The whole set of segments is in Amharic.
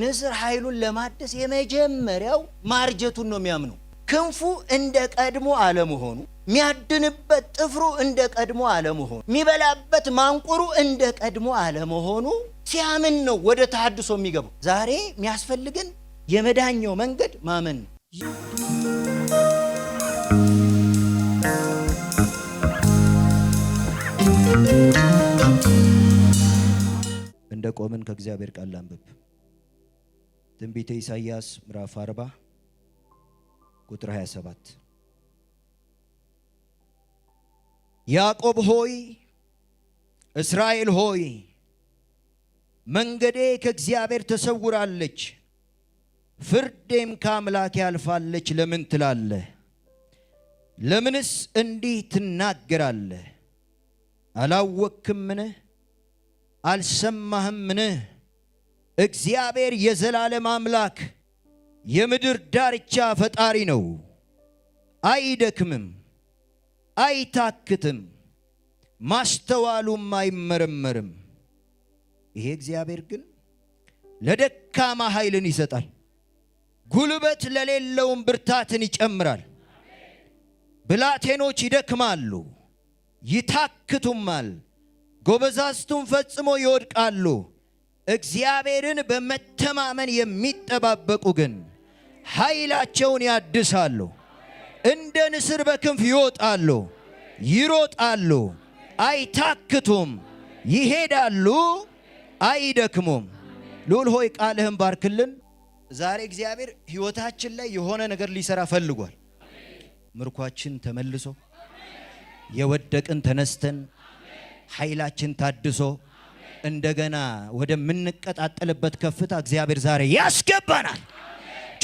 ንስር ኃይሉን ለማደስ የመጀመሪያው ማርጀቱን ነው የሚያምነው። ክንፉ እንደ ቀድሞ አለመሆኑ፣ የሚያድንበት ጥፍሩ እንደ ቀድሞ አለመሆኑ፣ የሚበላበት ማንቁሩ እንደ ቀድሞ አለመሆኑ ሲያምን ነው ወደ ተሐድሶ የሚገባው። ዛሬ የሚያስፈልግን የመዳኛው መንገድ ማመን ነው። እንደ ቆምን ከእግዚአብሔር ቃል አንብብ። ትንቢተ ኢሳይያስ ምዕራፍ 40 ቁጥር 27 ያዕቆብ ሆይ እስራኤል ሆይ መንገዴ ከእግዚአብሔር ተሰውራለች፣ ፍርዴም ከአምላኬ ያልፋለች ለምን ትላለህ? ለምንስ እንዲህ ትናገራለህ? አላወክምን? አልሰማህምን? እግዚአብሔር የዘላለም አምላክ የምድር ዳርቻ ፈጣሪ ነው። አይደክምም፣ አይታክትም፣ ማስተዋሉም አይመረመርም። ይሄ እግዚአብሔር ግን ለደካማ ኃይልን ይሰጣል፣ ጉልበት ለሌለውም ብርታትን ይጨምራል። ብላቴኖች ይደክማሉ፣ ይታክቱማል፣ ጎበዛዝቱም ፈጽሞ ይወድቃሉ። እግዚአብሔርን በመተማመን የሚጠባበቁ ግን ኃይላቸውን ያድሳሉ፣ እንደ ንስር በክንፍ ይወጣሉ፣ ይሮጣሉ፣ አይታክቱም፣ ይሄዳሉ፣ አይደክሙም። ልዑል ሆይ ቃልህን ባርክልን። ዛሬ እግዚአብሔር ሕይወታችን ላይ የሆነ ነገር ሊሰራ ፈልጓል። ምርኳችን ተመልሶ የወደቅን ተነስተን ኃይላችን ታድሶ እንደገና ወደምንቀጣጠልበት ከፍታ እግዚአብሔር ዛሬ ያስገባናል።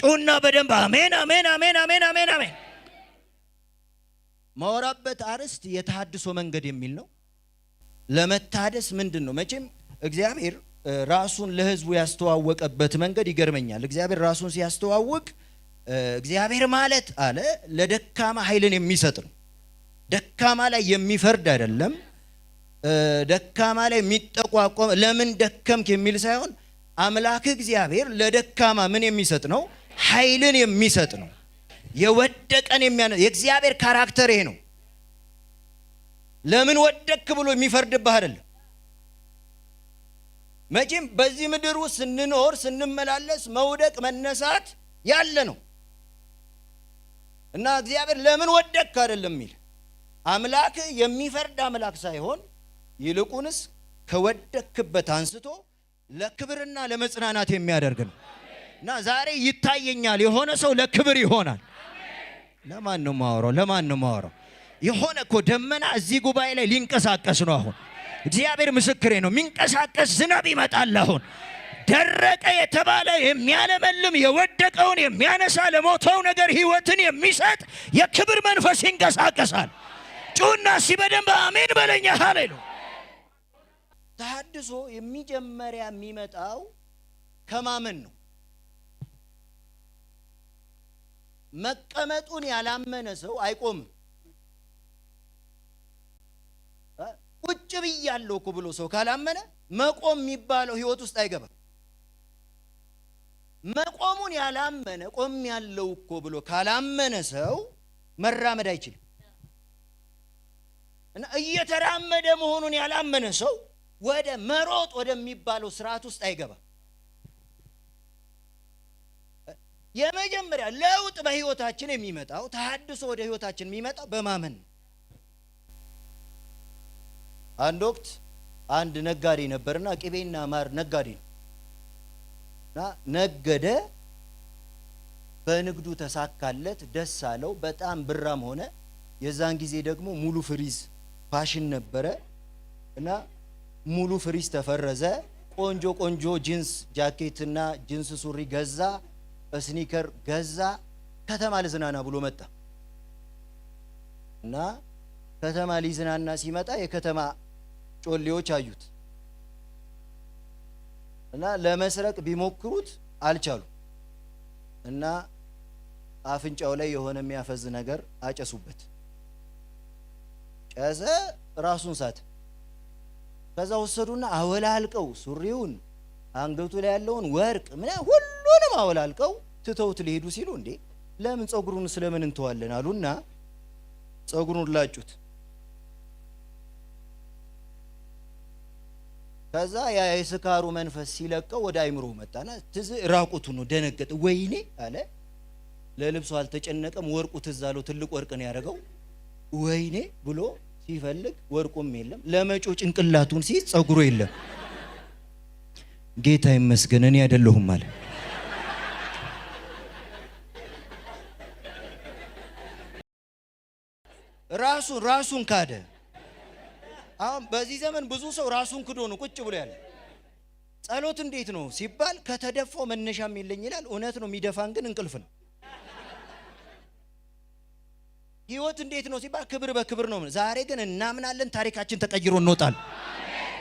ጩና በደንብ አሜን፣ አሜን፣ አሜን፣ አሜን፣ አሜን፣ አሜን። ማወራበት አርዕስት የተሃድሶ መንገድ የሚል ነው። ለመታደስ ምንድን ነው? መቼም እግዚአብሔር ራሱን ለሕዝቡ ያስተዋወቀበት መንገድ ይገርመኛል። እግዚአብሔር ራሱን ሲያስተዋውቅ እግዚአብሔር ማለት አለ ለደካማ ኃይልን የሚሰጥ ነው። ደካማ ላይ የሚፈርድ አይደለም። ደካማ ላይ የሚጠቋቋም ለምን ደከምክ የሚል ሳይሆን አምላክ እግዚአብሔር ለደካማ ምን የሚሰጥ ነው? ኃይልን የሚሰጥ ነው። የወደቀን የሚያነሳ የእግዚአብሔር ካራክተር ይሄ ነው። ለምን ወደቅክ ብሎ የሚፈርድብህ አይደለም። መቼም በዚህ ምድር ውስጥ ስንኖር ስንመላለስ መውደቅ መነሳት ያለ ነው እና እግዚአብሔር ለምን ወደክ አይደለም የሚል አምላክ የሚፈርድ አምላክ ሳይሆን ይልቁንስ ከወደክበት አንስቶ ለክብርና ለመጽናናት የሚያደርግ ነው እና ዛሬ ይታየኛል። የሆነ ሰው ለክብር ይሆናል። ለማን ነው የማወራው? ለማን ነው የማወራው? የሆነ እኮ ደመና እዚህ ጉባኤ ላይ ሊንቀሳቀስ ነው። አሁን እግዚአብሔር ምስክሬ ነው። የሚንቀሳቀስ ዝናብ ይመጣል። አሁን ደረቀ የተባለ የሚያለመልም የወደቀውን የሚያነሳ ለሞተው ነገር ህይወትን የሚሰጥ የክብር መንፈስ ይንቀሳቀሳል። ጩና ሲበደንብ አሜን በለኛ። ሃሌሉያ ተሐድሶ የሚጀመሪያ የሚመጣው ከማመን ነው። መቀመጡን ያላመነ ሰው አይቆምም። ቁጭ ብያለሁ እኮ ብሎ ሰው ካላመነ መቆም የሚባለው ህይወት ውስጥ አይገባም። መቆሙን ያላመነ ቆም ያለው እኮ ብሎ ካላመነ ሰው መራመድ አይችልም እና እየተራመደ መሆኑን ያላመነ ሰው ወደ መሮጥ ወደሚባለው ስርዓት ውስጥ አይገባም። የመጀመሪያ ለውጥ በህይወታችን የሚመጣው ተሐድሶ ወደ ህይወታችን የሚመጣው በማመን ነው። አንድ ወቅት አንድ ነጋዴ ነበርና ቅቤና ማር ነጋዴ ነው እና ነገደ። በንግዱ ተሳካለት፣ ደስ አለው። በጣም ብራም ሆነ። የዛን ጊዜ ደግሞ ሙሉ ፍሪዝ ፋሽን ነበረ እና ሙሉ ፍሪጅ ተፈረዘ። ቆንጆ ቆንጆ ጂንስ ጃኬትና ጂንስ ሱሪ ገዛ፣ ስኒከር ገዛ። ከተማ ልዝናና ብሎ መጣ እና ከተማ ሊዝናና ሲመጣ የከተማ ጮሌዎች አዩት እና ለመስረቅ ቢሞክሩት አልቻሉ እና አፍንጫው ላይ የሆነ የሚያፈዝ ነገር አጨሱበት። ጨሰ፣ ራሱን ሳተ። ከዛ ወሰዱና አወላልቀው ሱሪውን አንገቱ ላይ ያለውን ወርቅ ምን ሁሉንም አወላልቀው ትተውት ሊሄዱ ሲሉ እንዴ ለምን ጸጉሩን ስለምን እንተዋለን አሉና ጸጉሩን ላጩት። ከዛ ያ የስካሩ መንፈስ ሲለቀው ወደ አይምሮ መጣና ትዝ ራቁቱ ነው፣ ደነገጠ። ወይኔ አለ። ለልብሱ አልተጨነቀም፣ ወርቁ ትዝ አለው። ትልቅ ወርቅ ነው ያደረገው። ወይኔ ብሎ ሲፈልግ ወርቁም የለም ለመጮ ጭንቅላቱን ሲይዝ ጸጉሮ የለም። ጌታ ይመስገን እኔ አይደለሁም አለ። ራሱን ራሱን ካደ። አሁን በዚህ ዘመን ብዙ ሰው ራሱን ክዶ ነው ቁጭ ብሎ ያለ። ጸሎት እንዴት ነው ሲባል ከተደፋው መነሻም የለኝ ይላል። እውነት ነው። የሚደፋን ግን እንቅልፍ ነው። ህይወት እንዴት ነው ሲባል ክብር በክብር ነው። ዛሬ ግን እናምናለን፣ ታሪካችን ተቀይሮ እንወጣለን።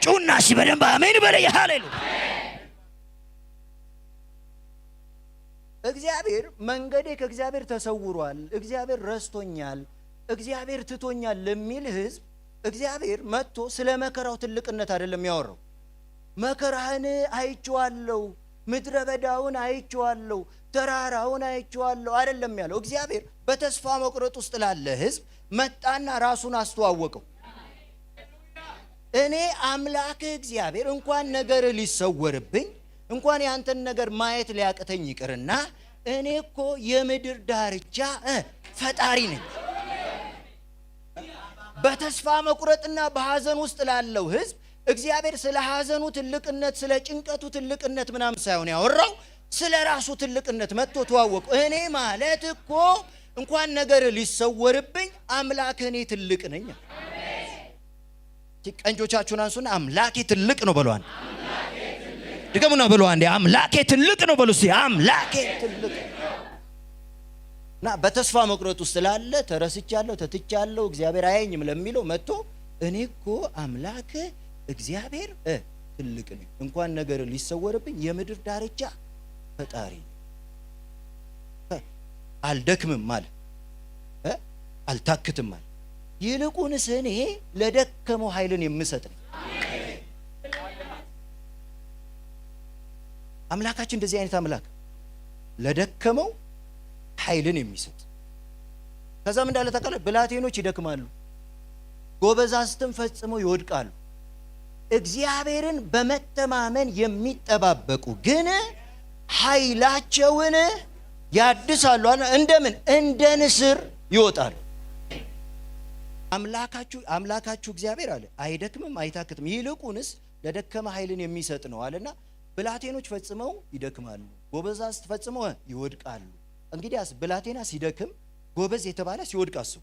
ጩና ሺ በደንብ አሜን በለ ሃሌሉ እግዚአብሔር መንገዴ ከእግዚአብሔር ተሰውሯል፣ እግዚአብሔር ረስቶኛል፣ እግዚአብሔር ትቶኛል ለሚል ህዝብ እግዚአብሔር መጥቶ ስለ መከራው ትልቅነት አይደለም ያወራው። መከራህን አይቼዋለሁ፣ ምድረ በዳውን አይቼዋለሁ፣ ተራራውን አይቼዋለሁ አይደለም ያለው እግዚአብሔር። በተስፋ መቁረጥ ውስጥ ላለ ህዝብ መጣና ራሱን አስተዋወቀው። እኔ አምላክህ እግዚአብሔር እንኳን ነገር ሊሰወርብኝ እንኳን ያንተን ነገር ማየት ሊያቅተኝ ይቅርና እኔ እኮ የምድር ዳርቻ ፈጣሪ ነኝ። በተስፋ መቁረጥና በሐዘን ውስጥ ላለው ህዝብ እግዚአብሔር ስለ ሐዘኑ ትልቅነት፣ ስለ ጭንቀቱ ትልቅነት ምናምን ሳይሆን ያወራው ስለ ራሱ ትልቅነት መጥቶ ተዋወቁ። እኔ ማለት እኮ እንኳን ነገር ሊሰወርብኝ አምላክ እኔ ትልቅ ነኝ። ቀንጆቻችሁን አንሱና አምላኬ ትልቅ ነው በሏን። ድገሙና በሏ እንዴ አምላኬ ትልቅ ነው በሉ። አምላኬ ትልቅ እና በተስፋ መቁረጥ ውስጥ ላለ ተረስቻለሁ፣ ተትቻለሁ፣ እግዚአብሔር አያኝም ለሚለው መጥቶ እኔ እኮ አምላክ እግዚአብሔር ትልቅ ነኝ፣ እንኳን ነገር ሊሰወርብኝ የምድር ዳርቻ ፈጣሪ አልደክምም ማል አልታክትም ማል ይልቁንስ እኔ ለደከመው ኃይልን የምሰጥ ነው። አምላካችን እንደዚህ አይነት አምላክ ለደከመው ኃይልን የሚሰጥ ከዛም እንዳለ ተቀለ ብላቴኖች ይደክማሉ፣ ጎበዛስትም ፈጽመው ይወድቃሉ። እግዚአብሔርን በመተማመን የሚጠባበቁ ግን ኃይላቸውን ያድሳሉ። እንደምን እንደ ንስር ይወጣሉ። አምላካችሁ አምላካችሁ እግዚአብሔር አለ አይደክምም፣ አይታክትም ይልቁንስ ለደከመ ኃይልን የሚሰጥ ነው አለና ብላቴኖች ፈጽመው ይደክማሉ፣ ጎበዛዝት ፈጽመው ይወድቃሉ። እንግዲያስ ብላቴና ሲደክም ጎበዝ የተባለ ሲወድቅ አስቡ።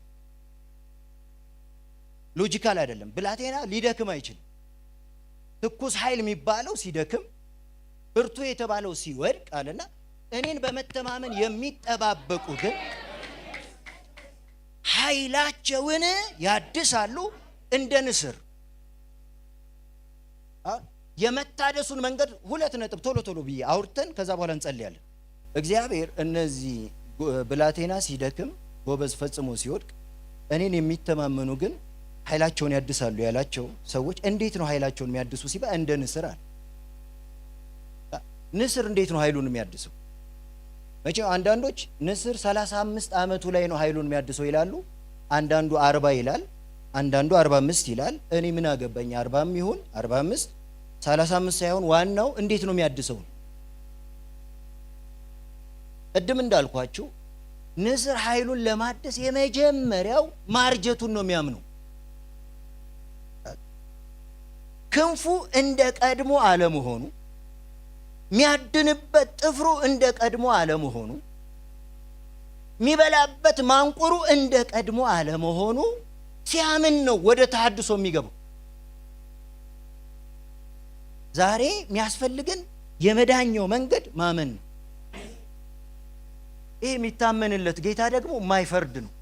ሎጂካል አይደለም። ብላቴና ሊደክም አይችልም። ትኩስ ኃይል የሚባለው ሲደክም ብርቱ የተባለው ሲወድቅ አለና እኔን በመተማመን የሚጠባበቁ ግን ኃይላቸውን ያድሳሉ እንደ ንስር። የመታደሱን መንገድ ሁለት ነጥብ ቶሎ ቶሎ ብዬ አውርተን ከዛ በኋላ እንጸልያለን። እግዚአብሔር እነዚህ ብላቴና ሲደክም ጎበዝ ፈጽሞ ሲወድቅ እኔን የሚተማመኑ ግን ኃይላቸውን ያድሳሉ ያላቸው ሰዎች እንዴት ነው ኃይላቸውን የሚያድሱ ሲባል እንደ ንስር አለ። ንስር እንዴት ነው ኃይሉን የሚያድሰው? መቼ አንዳንዶች ንስር 35 አመቱ ላይ ነው ኃይሉን የሚያድሰው ይላሉ። አንዳንዱ 40 ይላል፣ አንዳንዱ 45 ይላል። እኔ ምን አገባኝ? 40 ይሁን 45 35 ሳይሆን ዋናው እንዴት ነው የሚያድሰው ነው። ቅድም እንዳልኳችሁ ንስር ኃይሉን ለማደስ የመጀመሪያው ማርጀቱን ነው የሚያምነው። ክንፉ እንደ ቀድሞ አለመሆኑ የሚያድንበት ጥፍሩ እንደ ቀድሞ አለመሆኑ፣ የሚበላበት ማንቁሩ እንደ ቀድሞ አለመሆኑ ሲያምን ነው ወደ ተሐድሶ የሚገባው። ዛሬ የሚያስፈልግን የመዳኛው መንገድ ማመን ነው። ይህ የሚታመንለት ጌታ ደግሞ የማይፈርድ ነው።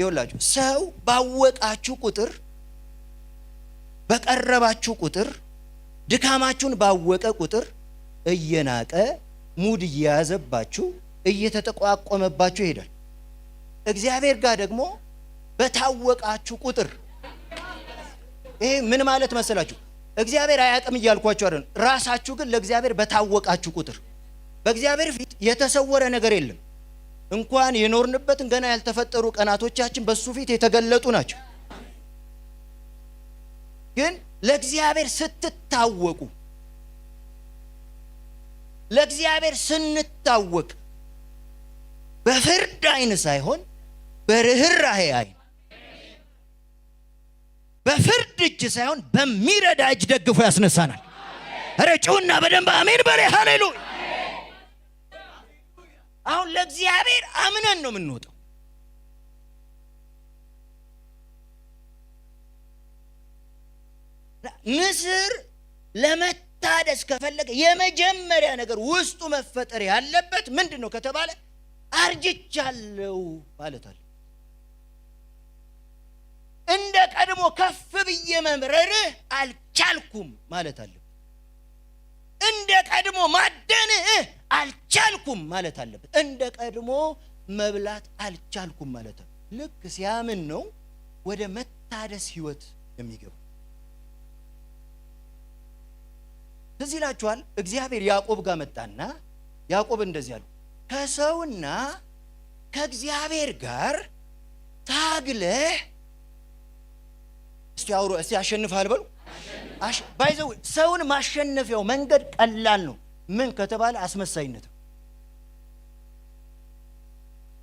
ይኸውላችሁ ሰው ባወቃችሁ ቁጥር በቀረባችሁ ቁጥር ድካማችሁን ባወቀ ቁጥር እየናቀ ሙድ እየያዘባችሁ እየተጠቋቆመባችሁ ይሄዳል። እግዚአብሔር ጋር ደግሞ በታወቃችሁ ቁጥር ይሄ ምን ማለት መሰላችሁ? እግዚአብሔር አያውቅም እያልኳችሁ አይደል? ራሳችሁ ግን ለእግዚአብሔር በታወቃችሁ ቁጥር በእግዚአብሔር ፊት የተሰወረ ነገር የለም። እንኳን የኖርንበትን ገና ያልተፈጠሩ ቀናቶቻችን በሱ ፊት የተገለጡ ናቸው ግን ለእግዚአብሔር ስትታወቁ ለእግዚአብሔር ስንታወቅ በፍርድ አይን ሳይሆን በርኅራሄ አይን በፍርድ እጅ ሳይሆን በሚረዳ እጅ ደግፎ ያስነሳናል። ረጭውና በደንብ አሜን በሬ ሃሌሉያ። አሁን ለእግዚአብሔር አምነን ነው የምንወጣው። ንስር ለመታደስ ከፈለገ የመጀመሪያ ነገር ውስጡ መፈጠር ያለበት ምንድን ነው ከተባለ አርጅቻለሁ ማለት አለ። እንደ ቀድሞ ከፍ ብዬ መምረርህ አልቻልኩም ማለት አለበት። እንደ ቀድሞ ማደንህ አልቻልኩም ማለት አለበት። እንደ ቀድሞ መብላት አልቻልኩም ማለት አለ። ልክ ሲያምን ነው ወደ መታደስ ህይወት የሚገባ ትዝ ይላችኋል። እግዚአብሔር ያዕቆብ ጋር መጣና ያዕቆብ እንደዚህ አለ፣ ከሰውና ከእግዚአብሔር ጋር ታግለህ እስቲ አውሮ እስቲ አሸንፋል በሉ ባይዘው ሰውን ማሸነፊያው መንገድ ቀላል ነው። ምን ከተባለ አስመሳይነት ነው።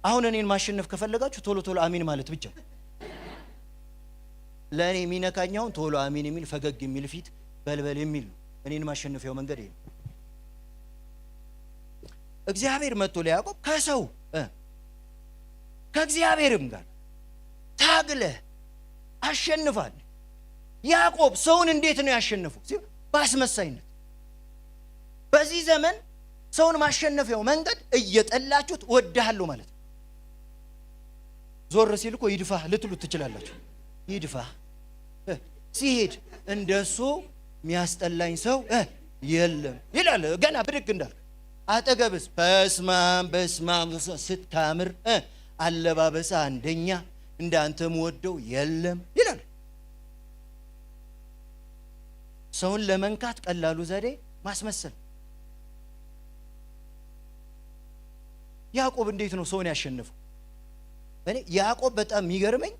አሁን እኔን ማሸነፍ ከፈለጋችሁ ቶሎ ቶሎ አሚን ማለት ብቻ ለእኔ የሚነካኛውን ቶሎ አሚን የሚል ፈገግ የሚል ፊት በልበል የሚል ነው። እኔን ማሸነፊያው መንገድ ይሄ እግዚአብሔር መጥቶ ለያዕቆብ ከሰው ከእግዚአብሔርም ጋር ታግለህ አሸንፋል ያዕቆብ ሰውን እንዴት ነው ያሸነፈው? ሲል በአስመሳይነት። በዚህ ዘመን ሰውን ማሸነፊያው መንገድ እየጠላችሁት ወድሃለሁ ማለት ነው። ዞር ሲል እኮ ይድፋህ ልትሉት ትችላላችሁ። ይድፋህ ሲሄድ እንደሱ የሚያስጠላኝ ሰው የለም ይላል። ገና ብድግ እንዳል አጠገብስ በስማም በስማም ስታምር አለባበስ አንደኛ እንዳንተ ወደው የለም ይላል። ሰውን ለመንካት ቀላሉ ዘዴ ማስመሰል። ያዕቆብ እንዴት ነው ሰውን ያሸንፈው? እኔ ያዕቆብ በጣም የሚገርመኝ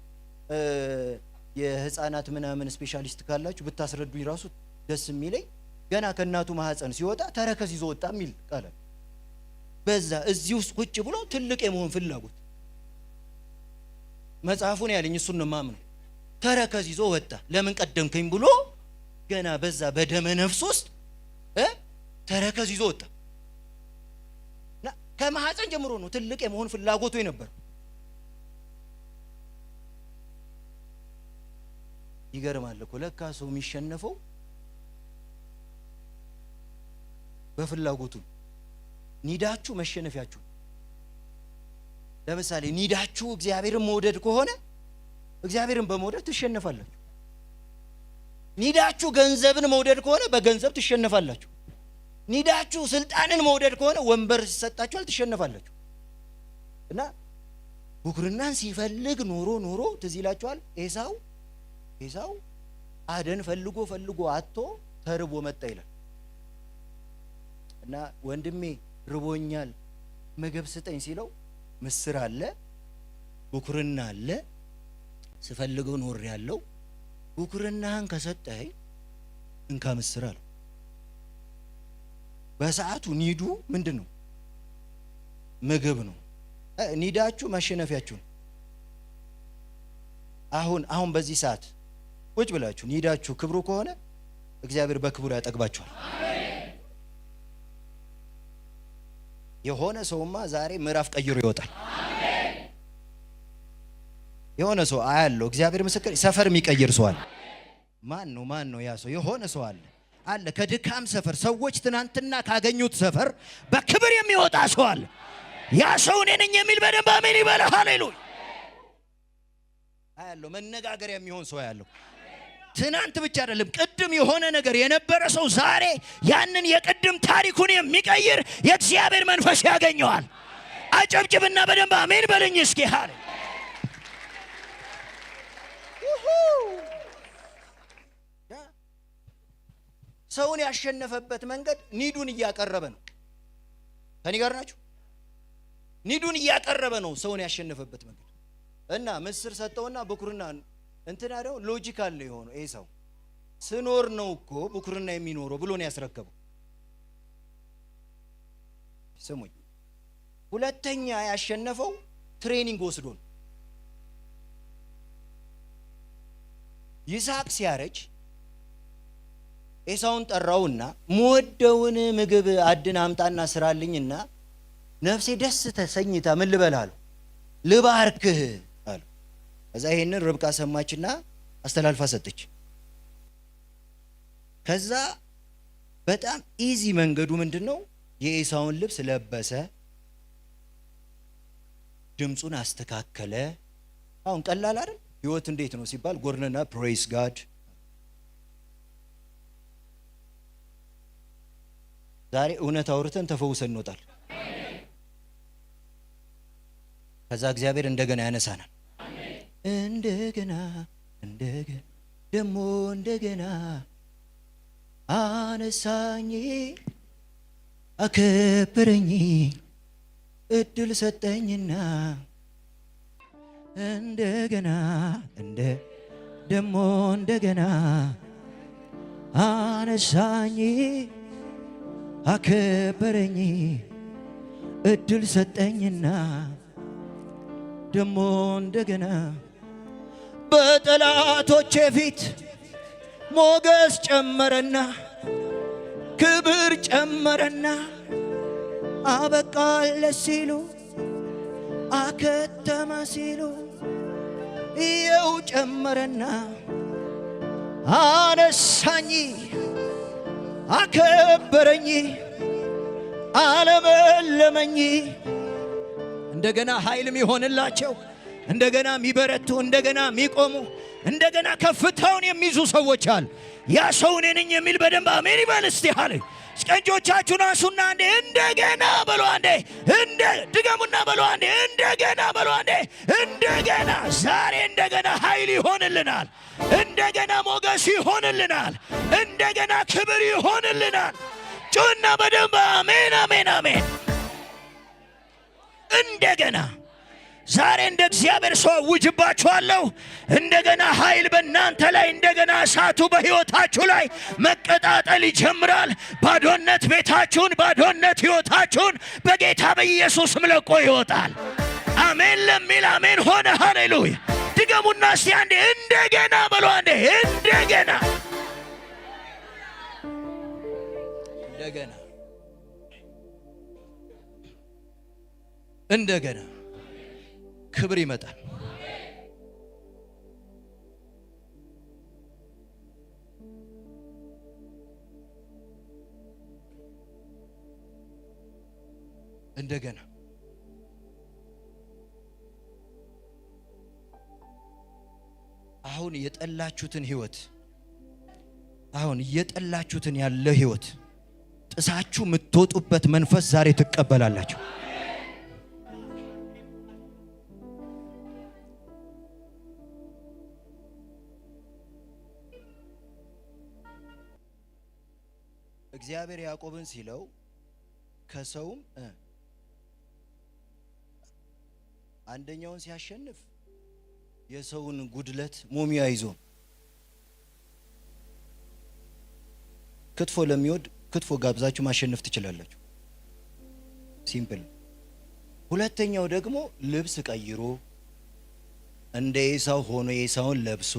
የህፃናት ምናምን ስፔሻሊስት ካላችሁ ብታስረዱኝ ራሱ ደስ የሚለኝ ገና ከእናቱ ማህፀን ሲወጣ ተረከዝ ይዞ ወጣ የሚል ቃል በዛ እዚህ ውስጥ ቁጭ ብሎ ትልቅ የመሆን ፍላጎት መጽሐፉን ያለኝ እሱን ነው ማምነው። ተረከዝ ይዞ ወጣ ለምን ቀደምከኝ ብሎ ገና በዛ በደመ ነፍስ ውስጥ ተረከዝ ይዞ ወጣ። ከማህፀን ጀምሮ ነው ትልቅ የመሆን ፍላጎቱ የነበረው። ይገርማል እኮ ለካ ሰው የሚሸነፈው በፍላጎቱ ኒዳችሁ መሸነፊያችሁ። ለምሳሌ ኒዳችሁ እግዚአብሔርን መውደድ ከሆነ እግዚአብሔርን በመውደድ ትሸነፋላችሁ። ኒዳችሁ ገንዘብን መውደድ ከሆነ በገንዘብ ትሸነፋላችሁ። ኒዳችሁ ስልጣንን መውደድ ከሆነ ወንበር ሲሰጣችኋል ትሸነፋላችሁ። እና ቡክርናን ሲፈልግ ኖሮ ኖሮ ትዝ ኤሳው ኤሳው አደን ፈልጎ ፈልጎ አጥቶ ተርቦ መጣ ይላል። እና ወንድሜ ርቦኛል ምግብ ስጠኝ ሲለው ምስር አለ ቡኩርና አለ ስፈልገው ኖር ያለው ብኩርናህን ከሰጠኸኝ እንካ ምስር አለው። በሰዓቱ ኒዱ ምንድን ነው? ምግብ ነው። ኒዳችሁ ማሸነፊያችሁ ነው። አሁን አሁን በዚህ ሰዓት ቁጭ ብላችሁ ኒዳችሁ ክብሩ ከሆነ እግዚአብሔር በክብሩ ያጠግባችኋል። የሆነ ሰውማ ዛሬ ምዕራፍ ቀይሮ ይወጣል። የሆነ ሰው አያለው፣ እግዚአብሔር ምስክር፣ ሰፈር የሚቀይር ሰው አለ። ማን ነው? ማን ነው ያ ሰው? የሆነ ሰው አለ አለ ከድካም ሰፈር ሰዎች ትናንትና ካገኙት ሰፈር በክብር የሚወጣ ሰው አለ። ያ ሰው እኔ ነኝ የሚል በደንብ አሜን ይበል። ሃሌሉያ አያለው፣ መነጋገር የሚሆን ሰው ያለው ትናንት ብቻ አይደለም፣ ቅድም የሆነ ነገር የነበረ ሰው ዛሬ ያንን የቅድም ታሪኩን የሚቀይር የእግዚአብሔር መንፈስ ያገኘዋል። አጨብጭብና በደንብ አሜን በልኝ እስኪ ሃሌ ሰውን ያሸነፈበት መንገድ ኒዱን እያቀረበ ነው። ከኔ ጋር ናችሁ? ኒዱን እያቀረበ ነው። ሰውን ያሸነፈበት መንገድ እና ምስር ሰጠውና ብኩርና እንትና ደግሞ ሎጂካል ነው የሆነው። ይሄ ሰው ስኖር ነው እኮ ብኩርና የሚኖረው ብሎ ነው ያስረከበው። ስሙኝ፣ ሁለተኛ ያሸነፈው ትሬኒንግ ወስዶ ነው። ይስሐቅ ሲያረጅ ኤሳውን ጠራውና ሞደውን ምግብ አድን አምጣና ስራልኝና ነፍሴ ደስ ተሰኝታ ምን ልበልሃለሁ ልባርክህ ከዛ ይሄንን ርብቃ ሰማችና አስተላልፋ ሰጠች። ከዛ በጣም ኢዚ መንገዱ ምንድን ነው? የኤሳውን ልብስ ለበሰ፣ ድምፁን አስተካከለ። አሁን ቀላል አይደል? ህይወት እንዴት ነው ሲባል ጎርነና ፕሬይስ ጋድ ዛሬ እውነት አውርተን ተፈውሰን እንወጣል። ከዛ እግዚአብሔር እንደገና ያነሳናል። እንደገና እንደገና ደሞ እንደገና አነሳኝ አከበረኝ እድል ሰጠኝና እንደገና እንደ ደሞ እንደገና አነሳኝ አከበረኝ እድል ሰጠኝና ደሞ እንደገና በጠላቶቼ ፊት ሞገስ ጨመረና ክብር ጨመረና አበቃለ ሲሉ አከተመ ሲሉ እየው ጨመረና አነሳኝ አከበረኝ አለመለመኝ እንደገና ኃይልም ይሆንላቸው እንደገና የሚበረቱ እንደገና የሚቆሙ እንደገና ከፍታውን የሚይዙ ሰዎች አሉ። ያ ሰው እኔ ነኝ የሚል በደንብ አሜን ይበል እስቲ አለ። ቀንጆቻችሁን አንሱና አንዴ እንደገና በሉ አንዴ እንደ ድገሙና በሉ አንዴ እንደገና በሉ አንዴ እንደገና። ዛሬ እንደገና ኃይል ይሆንልናል። እንደገና ሞገስ ይሆንልናል። እንደገና ክብር ይሆንልናል። ጩና በደንብ አሜን አሜን አሜን እንደገና ዛሬ እንደ እግዚአብሔር ሰው አውጅባችኋለሁ። እንደገና ኃይል በእናንተ ላይ እንደገና እሳቱ በሕይወታችሁ ላይ መቀጣጠል ይጀምራል። ባዶነት ቤታችሁን፣ ባዶነት ሕይወታችሁን በጌታ በኢየሱስም ለቆ ይወጣል። አሜን ለሚል አሜን ሆነ። ሃሌሉያ። ድገሙና እስቲ አንዴ እንደገና በሎ አንዴ እንደገና እንደገና እንደገና ክብር ይመጣል። እንደገና አሁን የጠላችሁትን ህይወት አሁን እየጠላችሁትን ያለ ህይወት ጥሳችሁ የምትወጡበት መንፈስ ዛሬ ትቀበላላችሁ። እግዚአብሔር ያዕቆብን ሲለው ከሰውም አንደኛውን ሲያሸንፍ የሰውን ጉድለት ሞሚያ ይዞ ክትፎ ለሚወድ ክትፎ ጋብዛችሁ ማሸነፍ ትችላላችሁ። ሲምፕል። ሁለተኛው ደግሞ ልብስ ቀይሮ እንደ ኤሳው ሆኖ ኤሳውን ለብሶ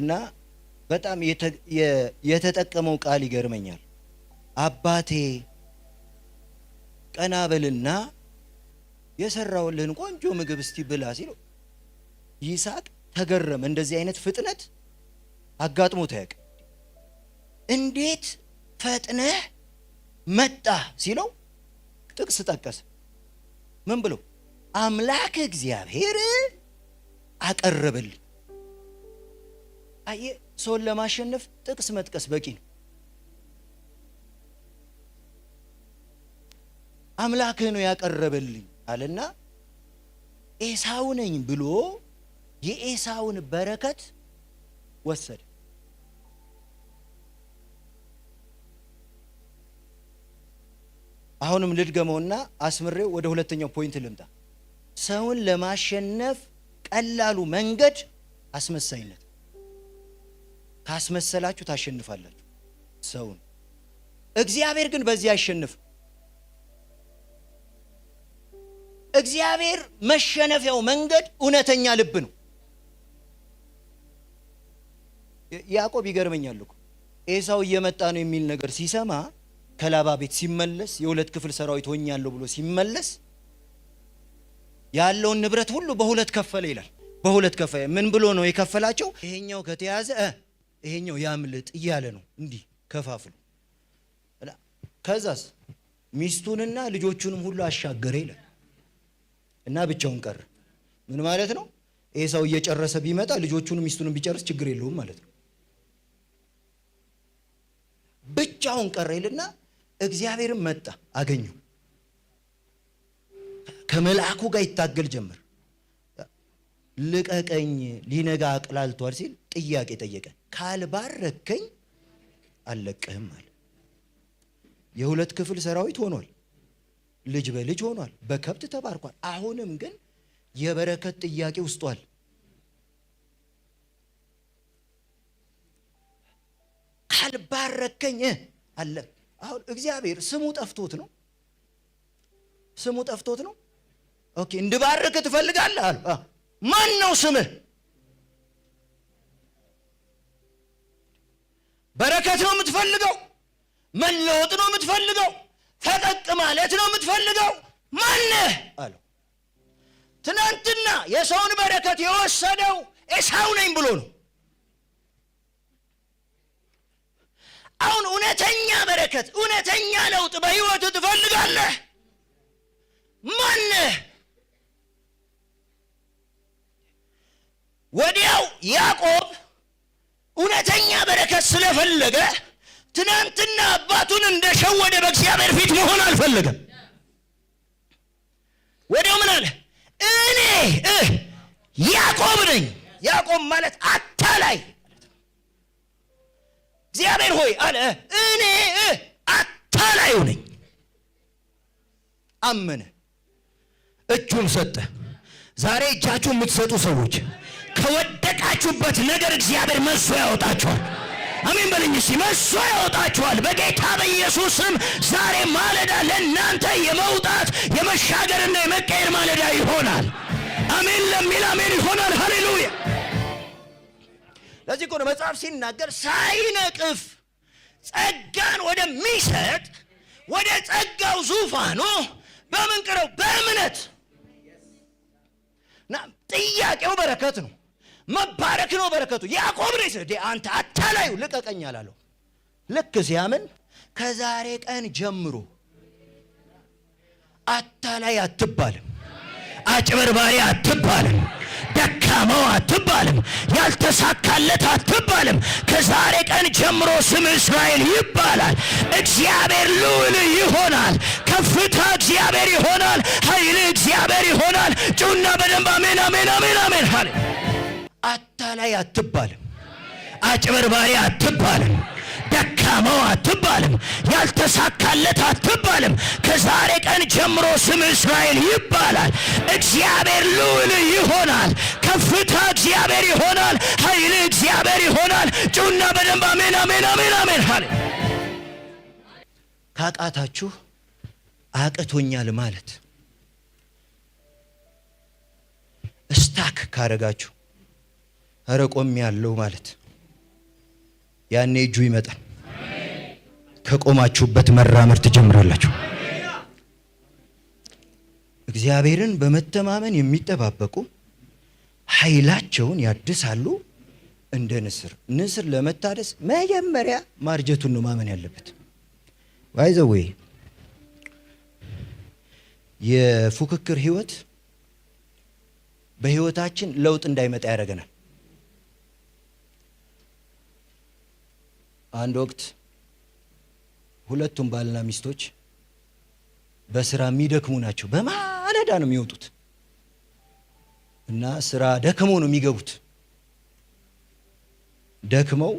እና በጣም የተጠቀመው ቃል ይገርመኛል። አባቴ ቀና በልና የሰራውልህን ቆንጆ ምግብ እስቲ ብላ ሲሉ ይስሐቅ ተገረመ። እንደዚህ አይነት ፍጥነት አጋጥሞ ታያቅ። እንዴት ፈጥነህ መጣ ሲለው ጥቅስ ጠቀሰ። ምን ብሎ አምላክ እግዚአብሔር አቀረበልኝ። ሰውን ለማሸነፍ ጥቅስ መጥቀስ በቂ ነው። አምላክህ ነው ያቀረበልኝ አለና ኤሳው ነኝ ብሎ የኤሳውን በረከት ወሰደ። አሁንም ልድገመውና አስምሬው ወደ ሁለተኛው ፖይንት ልምጣ። ሰውን ለማሸነፍ ቀላሉ መንገድ አስመሳይነት ካስመሰላችሁ ታሸንፋላችሁ ሰውን። እግዚአብሔር ግን በዚህ አይሸንፍ። እግዚአብሔር መሸነፊያው መንገድ እውነተኛ ልብ ነው። ያዕቆብ ይገርመኛል እኮ ኤሳው እየመጣ ነው የሚል ነገር ሲሰማ ከላባ ቤት ሲመለስ የሁለት ክፍል ሰራዊት ሆኛለሁ ብሎ ሲመለስ ያለውን ንብረት ሁሉ በሁለት ከፈለ ይላል። በሁለት ከፈለ። ምን ብሎ ነው የከፈላቸው? ይሄኛው ከተያዘ ይሄኛው ያምልጥ እያለ ነው እንዲህ ከፋፍሉ። ከዛስ ሚስቱንና ልጆቹንም ሁሉ አሻገረ ይላል እና ብቻውን ቀረ። ምን ማለት ነው? ይህ ሰው እየጨረሰ ቢመጣ ልጆቹንም ሚስቱንም ቢጨርስ ችግር የለውም ማለት ነው። ብቻውን ቀረ ይልና እግዚአብሔርም መጣ አገኘ ከመልአኩ ጋር ይታገል ጀመር። ልቀቀኝ ሊነጋ አቅላልቷል ሲል ጥያቄ ጠየቀ። ካልባረከኝ አልለቅህም አለ። የሁለት ክፍል ሰራዊት ሆኗል። ልጅ በልጅ ሆኗል። በከብት ተባርኳል። አሁንም ግን የበረከት ጥያቄ ውስጧል። ካልባረከኝ አለ። አሁን እግዚአብሔር ስሙ ጠፍቶት ነው። ስሙ ጠፍቶት ነው። ኦኬ እንድባርክ ትፈልጋለህ? ማን ነው ስምህ? በረከት ነው የምትፈልገው፣ መለወጥ ነው የምትፈልገው፣ ፈቀቅ ማለት ነው የምትፈልገው ማነህ አለው። ትናንትና የሰውን በረከት የወሰደው ኤሳው ነኝ ብሎ ነው። አሁን እውነተኛ በረከት እውነተኛ ለውጥ በሕይወት ትፈልጋለህ ማነህ? ወዲያው ያዕቆብ እውነተኛ በረከት ስለፈለገ ትናንትና አባቱን እንደሸወደ በእግዚአብሔር ፊት መሆን አልፈለገም። ወዲያው ምን አለ? እኔ ያዕቆብ ነኝ። ያዕቆብ ማለት አታላይ እግዚአብሔር ሆይ አለ እኔ አታላዩ ነኝ። አመነ፣ እጁን ሰጠ። ዛሬ እጃችሁ የምትሰጡ ሰዎች ከወደቃችሁበት ነገር እግዚአብሔር መሶ ያወጣችኋል። አሜን በልኝ እስቲ። መሶ ያወጣችኋል በጌታ በኢየሱስም። ዛሬ ማለዳ ለእናንተ የመውጣት የመሻገርና የመቀየር ማለዳ ይሆናል። አሜን ለሚል አሜን ይሆናል። ሃሌሉያ። ለዚህ እኮ መጽሐፍ ሲናገር ሳይነቅፍ ጸጋን ወደሚሰጥ ወደ ጸጋው ዙፋኑ በምን ቅረው በእምነት ጥያቄው በረከት ነው። መባረክ ነው በረከቱ። ያዕቆብ ነው ይስህ አንተ አታላዩ ልቀቀኝ አላለው። ልክ ሲያምን ከዛሬ ቀን ጀምሮ አታላይ አትባልም፣ አጭበርባሪ አትባልም፣ ደካማው አትባልም፣ ያልተሳካለት አትባልም። ከዛሬ ቀን ጀምሮ ስም እስራኤል ይባላል። እግዚአብሔር ልዑል ይሆናል። ከፍታ እግዚአብሔር ይሆናል። ኃይል እግዚአብሔር ይሆናል። ጩና በደንብ አሜን፣ አሜን፣ አሜን፣ አሜን። አታላይ አትባልም። አጭበርባሪ አትባልም። ደካማው አትባልም። ያልተሳካለት አትባልም። ከዛሬ ቀን ጀምሮ ስም እስራኤል ይባላል። እግዚአብሔር ልዑል ይሆናል። ከፍታ እግዚአብሔር ይሆናል። ኃይል እግዚአብሔር ይሆናል። ጩና በደንብ አሜን፣ አሜን፣ አሜን፣ አሜን። ሀል ካቃታችሁ አቅቶኛል ማለት እስታክ ካረጋችሁ ቆም ያለው ማለት ያኔ እጁ ይመጣል። ከቆማችሁበት መራመድ ትጀምራላችሁ። እግዚአብሔርን በመተማመን የሚጠባበቁ ኃይላቸውን ያድሳሉ እንደ ንስር። ንስር ለመታደስ መጀመሪያ ማርጀቱን ነው ማመን ያለበት። ባይዘዌ የፉክክር ህይወት በህይወታችን ለውጥ እንዳይመጣ ያደርገናል። አንድ ወቅት ሁለቱም ባልና ሚስቶች በስራ የሚደክሙ ናቸው። በማለዳ ነው የሚወጡት እና ስራ ደክሞ ነው የሚገቡት። ደክመው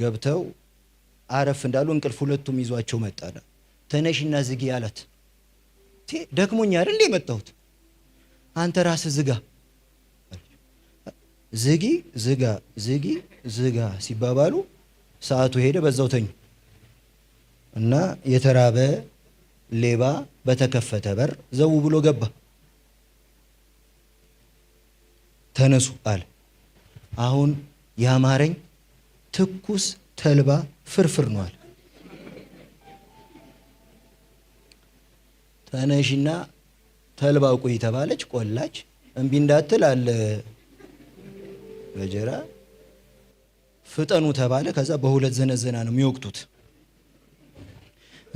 ገብተው አረፍ እንዳሉ እንቅልፍ ሁለቱም ይዟቸው መጣ። ተነሽና ዝጊ አላት። ደክሞኛ አይደል የመጣሁት አንተ ራስህ ዝጋ ዝጊ ዝጋ ዝጊ ዝጋ ሲባባሉ ሰዓቱ ሄደ፣ በዛው ተኙ እና የተራበ ሌባ በተከፈተ በር ዘው ብሎ ገባ። ተነሱ አለ። አሁን ያማረኝ ትኩስ ተልባ ፍርፍር ነው አለ። ተነሽና ተልባ ቁይ ተባለች፣ ቆላች። እምቢ እንዳትል አለ በጀራ ፍጠኑ ተባለ። ከዛ በሁለት ዘነዘና ነው የሚወቅቱት።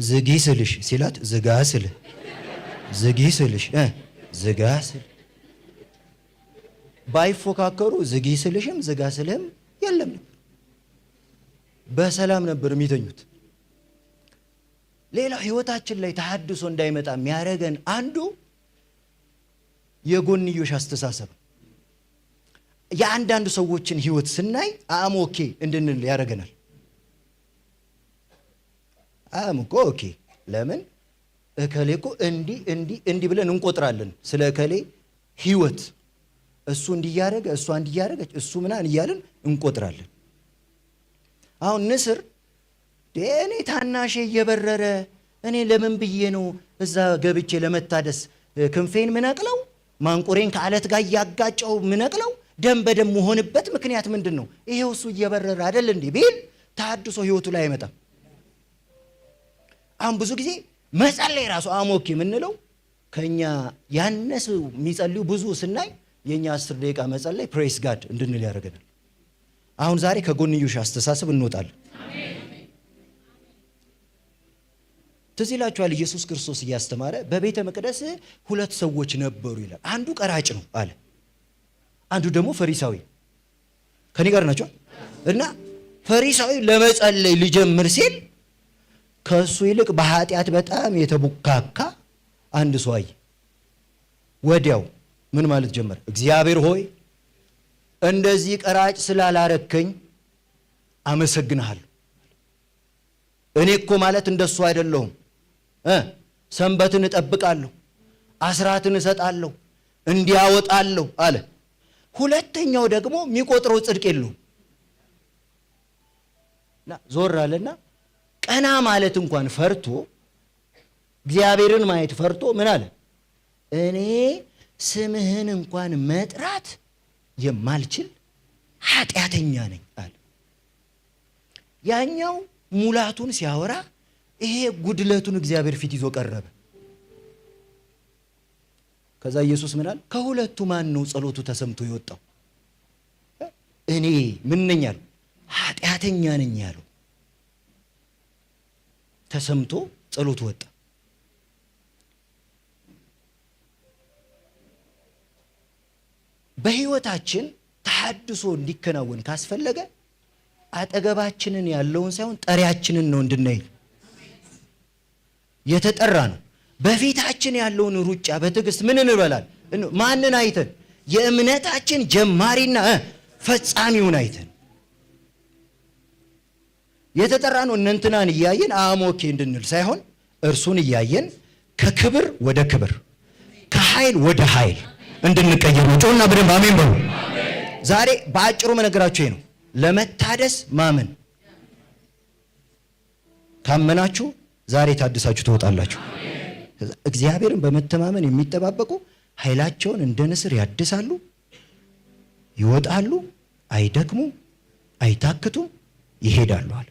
ዝጊ ስልሽ ሲላት ዝጋ ስል ዝጊ ስልሽ ዝጋ ስል ባይፎካከሩ ዝጊ ስልሽም ዝጋ ስልህም የለም ነበር። በሰላም ነበር የሚተኙት። ሌላው ህይወታችን ላይ ተሐድሶ እንዳይመጣ የሚያደርገን አንዱ የጎንዮሽ አስተሳሰብ የአንዳንዱ ሰዎችን ህይወት ስናይ አም ኦኬ እንድንል ያደርገናል። አም እኮ ኦኬ ለምን እከሌ እኮ እንዲህ እንዲህ እንዲህ ብለን እንቆጥራለን። ስለ እከሌ ህይወት እሱ እንዲያደረገ እሷ እንዲያደረገች እሱ ምናን እያለን እንቆጥራለን። አሁን ንስር እኔ ታናሼ እየበረረ እኔ ለምን ብዬ ነው እዛ ገብቼ ለመታደስ ክንፌን ምነቅለው ማንቁሬን ከአለት ጋር እያጋጨው ምነቅለው ደም በደም መሆንበት ምክንያት ምንድን ነው? ይሄው እሱ እየበረረ አይደል እንዴ ቢል ታድሶ ህይወቱ ላይ አይመጣም። አሁን ብዙ ጊዜ መጸለይ ራሱ አሞክ የምንለው ከኛ ያነሱ የሚጸልዩ ብዙ ስናይ የኛ አስር ደቂቃ መጸለይ ፕሬስ ጋድ እንድንል ያደርገናል። አሁን ዛሬ ከጎንዮሽ አስተሳሰብ እንወጣለን። ትዝ ይላችኋል ኢየሱስ ክርስቶስ እያስተማረ በቤተ መቅደስ ሁለት ሰዎች ነበሩ ይላል። አንዱ ቀራጭ ነው አለ አንዱ ደግሞ ፈሪሳዊ ከኔ ጋር ናቸው እና ፈሪሳዊ ለመጸለይ ሊጀምር ሲል ከእሱ ይልቅ በኃጢአት በጣም የተቡካካ አንድ ሰው አየ። ወዲያው ምን ማለት ጀመረ? እግዚአብሔር ሆይ እንደዚህ ቀራጭ ስላላረከኝ አመሰግንሃል። እኔ እኮ ማለት እንደሱ አይደለሁም። ሰንበትን እጠብቃለሁ፣ አስራትን እሰጣለሁ፣ እንዲያወጣለሁ አለ። ሁለተኛው ደግሞ የሚቆጥረው ጽድቅ የለውም። ዞር አለና ቀና ማለት እንኳን ፈርቶ እግዚአብሔርን ማየት ፈርቶ ምን አለ? እኔ ስምህን እንኳን መጥራት የማልችል ኃጢአተኛ ነኝ አለ። ያኛው ሙላቱን ሲያወራ፣ ይሄ ጉድለቱን እግዚአብሔር ፊት ይዞ ቀረበ። ከዛ ኢየሱስ ምናል ከሁለቱ ማን ነው ጸሎቱ ተሰምቶ የወጣው? እኔ ምን ነኝ አለው፣ ኃጢአተኛ ነኝ አለው። ተሰምቶ ጸሎቱ ወጣ። በህይወታችን ተሐድሶ እንዲከናወን ካስፈለገ አጠገባችንን ያለውን ሳይሆን ጠሪያችንን ነው እንድናይ የተጠራ ነው። በፊታችን ያለውን ሩጫ በትዕግስት ምን እንበላል? ማንን አይተን? የእምነታችን ጀማሪና ፈጻሚውን አይተን የተጠራ ነው። እነንትናን እያየን አሞኬ እንድንል ሳይሆን እርሱን እያየን ከክብር ወደ ክብር ከኃይል ወደ ኃይል እንድንቀየር ነው። ጮና በደንብ አሜን በሉ። ዛሬ በአጭሩ መነገራችሁ ነው፣ ለመታደስ ማመን። ካመናችሁ ዛሬ ታድሳችሁ ትወጣላችሁ። እግዚአብሔርን በመተማመን የሚጠባበቁ ኃይላቸውን እንደ ንስር ያድሳሉ፣ ይወጣሉ፣ አይደክሙ አይታክቱም፣ ይሄዳሉ አለ።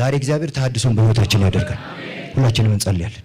ዛሬ እግዚአብሔር ተሐድሶን በሕይወታችን ያደርጋል። ሁላችንም እንጸልያለን።